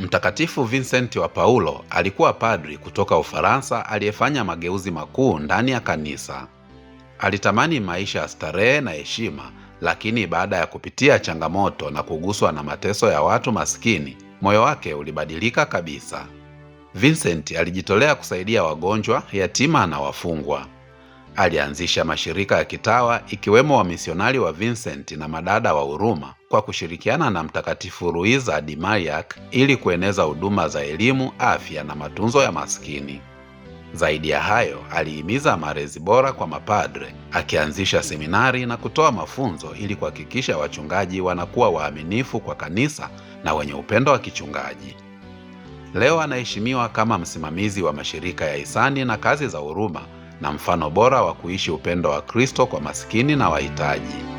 Mtakatifu Vincent wa Paulo alikuwa padri kutoka Ufaransa aliyefanya mageuzi makuu ndani ya kanisa. Alitamani maisha ya starehe na heshima, lakini baada ya kupitia changamoto na kuguswa na mateso ya watu maskini, moyo wake ulibadilika kabisa. Vincent alijitolea kusaidia wagonjwa, yatima na wafungwa. Alianzisha mashirika ya kitawa ikiwemo wamisionari wa Vincent na madada wa huruma kwa kushirikiana na Mtakatifu Luisa di Mariac ili kueneza huduma za elimu, afya na matunzo ya maskini. Zaidi ya hayo, alihimiza malezi bora kwa mapadre, akianzisha seminari na kutoa mafunzo ili kuhakikisha wachungaji wanakuwa waaminifu kwa kanisa na wenye upendo wa kichungaji. Leo anaheshimiwa kama msimamizi wa mashirika ya hisani na kazi za huruma na mfano bora wa kuishi upendo wa Kristo kwa maskini na wahitaji.